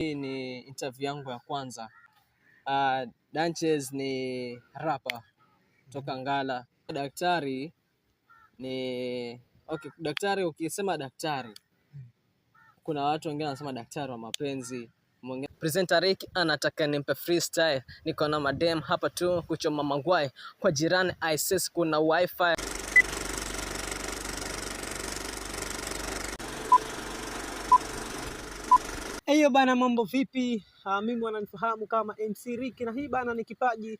Hii ni interview yangu ya kwanza. Uh, ah, Danches ni rapa kutoka Ngala. Daktari ni okay, daktari ukisema daktari, kuna watu wengine wanasema daktari wa mapenzi Mwenge. Presenter Rick anataka nimpe freestyle, niko na madem hapa tu kuchoma mangwai kwa jirani ISIS, kuna wifi hiyo bana, mambo vipi? Uh, mimi wananifahamu kama MC Ricky na hii bana ni Kipaji uh,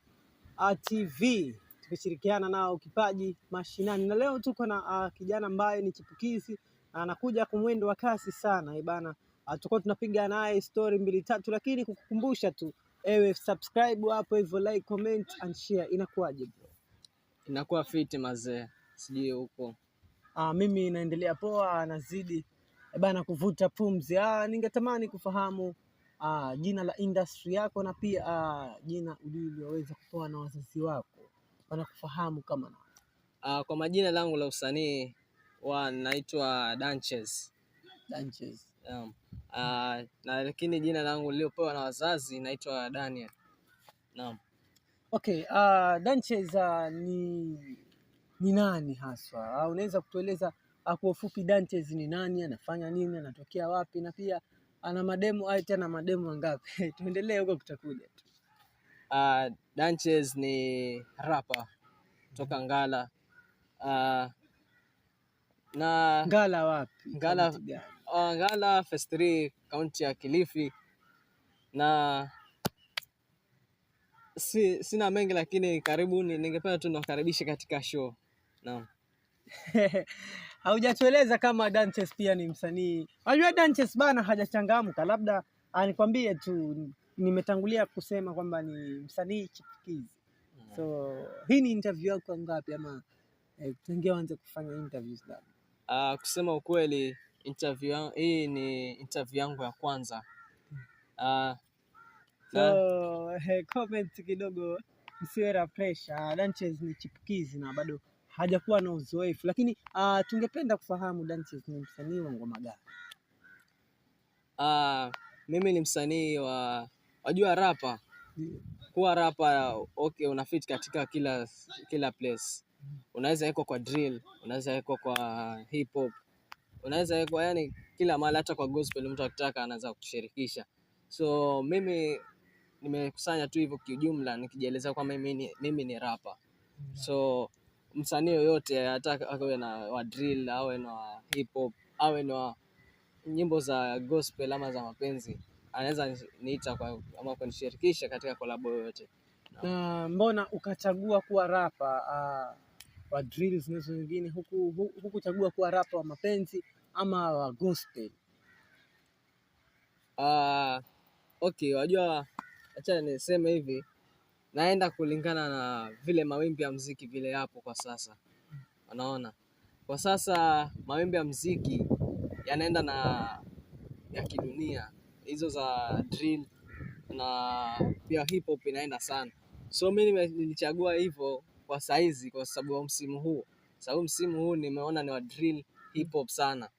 ah, TV tukishirikiana nao Kipaji Mashinani, na leo tuko na uh, kijana ambaye ni chipukizi na anakuja kwa mwendo wa kasi sana. Hii eh, bana uh, tuko tunapiga naye story mbili tatu, lakini kukukumbusha tu ewe subscribe hapo hivyo, like, comment and share. Inakuwaje bro? Inakuwa fiti mazee, sijui huko. Uh, mimi naendelea poa, nazidi Eh bana kuvuta pumzi. Ah, ningetamani kufahamu ah, jina la industry yako na pia ah, jina uliloweza kupewa na wazazi wako wanakufahamu kama na. Ah, kwa majina langu la usanii wa naitwa Danches. Danches. Um, ah, na lakini jina langu liliopewa na wazazi naitwa Daniel. Naam. Okay, ah, Danches ah, ni, ni nani haswa? Ah, unaweza kutueleza Ah, kwa ufupi Dantes ni nani, anafanya nini, anatokea wapi, na pia ana mademu ai tena mademo wangapi? Tuendelee huko kutakuja tu. Uh, Dantes ni rapa toka mm-hmm. Ngala. Uh, na Ngala wapi? Ngala, uh, Ngala Phase 3 kaunti ya Kilifi na si, sina mengi lakini karibuni, ningependa tu niwakaribishe katika show. Naam. haujatueleza kama Danches pia ni msanii. Unajua Danches bana hajachangamka, labda anikwambie ah, tu, nimetangulia kusema kwamba ni msanii chipukizi. So hii ni interview yako ngapi ama eh, tangia uanze kufanya interviews da? Uh, kusema ukweli interview hii ni interview yangu ya kwanza. Uh, so, comment kidogo msiwe na pressure. Ah, Danches ni chipukizi na bado hajakuwa na uzoefu, lakini uh, tungependa kufahamu Danches ni msanii wa ngoma gani? Uh, mimi ni msanii wa wajua rapa Kuwa rapa okay, fit katika kila kila place. Unaweza wekwa kwa drill, unaweza wekwa kwa hip hop, unaweza wekwa yani kila mahali, hata kwa gospel mtu akitaka anaweza kushirikisha. So mimi nimekusanya tu hivyo kiujumla, nikijieleza kwamba mimi ni, mimi ni rapa so msanii yoyote hata awe na wa drill awe na wa hip hop awe na nyimbo za gospel ama za mapenzi anaweza niita kwa, ama kunishirikisha katika kolabo yoyote na mbona ukachagua kuwa rapa uh, wa drill zinazo nyingine huku, huku, huku chagua kuwa rapa wa mapenzi ama wa gospel uh, okay wajua acha niseme hivi naenda kulingana na vile mawimbi ya mziki vile yapo kwa sasa. Unaona? Kwa sasa mawimbi ya mziki yanaenda na ya kidunia hizo za drill na pia hip hop inaenda sana. So mimi nilichagua hivyo kwa saizi kwa sababu ya msimu huu. Sababu msimu huu nimeona ni wa drill hip hop sana.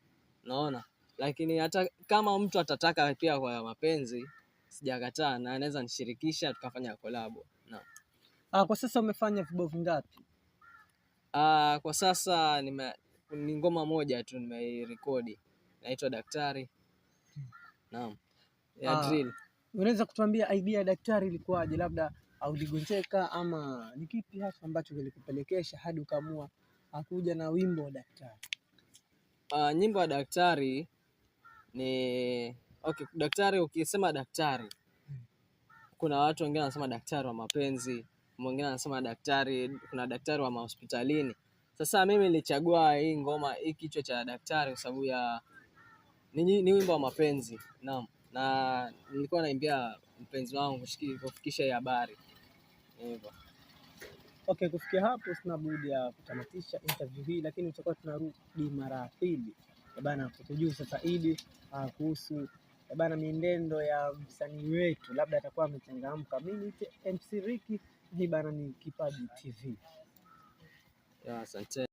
Unaona? Lakini hata kama mtu atataka pia kwa mapenzi sijakataa na anaweza nishirikisha tukafanya kolabo. Ah, kwa sasa umefanya vibao vingapi? Ah, kwa sasa ni ngoma moja tu nimeirekodi, naitwa Daktari. Naam. Ya ah, drill. Unaweza kutuambia idea ya Daktari ilikuwaje? Labda uligonjeka ama ni kipi hasa ambacho kilikupelekesha hadi ukaamua akuja na wimbo wa Daktari? Uh, nyimbo ya Daktari ni okay, Daktari ukisema daktari, hmm. kuna watu wengine wanasema daktari wa mapenzi, mwingine anasema daktari, kuna daktari wa mahospitalini. Sasa mimi nilichagua hii ngoma hii kichwa cha daktari kwa sababu ya ni, ni wimbo wa mapenzi naam, na nilikuwa naimbia mpenzi wangu kufikisha hii habari hivyo. Okay, kufikia hapo sina budi ya kutamatisha interview hii, lakini tutakuwa tunarudi mara ya pili e bana, kukujuza zaidi ah, kuhusu e bana miendendo ya msanii wetu, labda atakuwa amechangamka. Mimi ni MC Ricky. Hii bana ni Kipaji TV. Asante.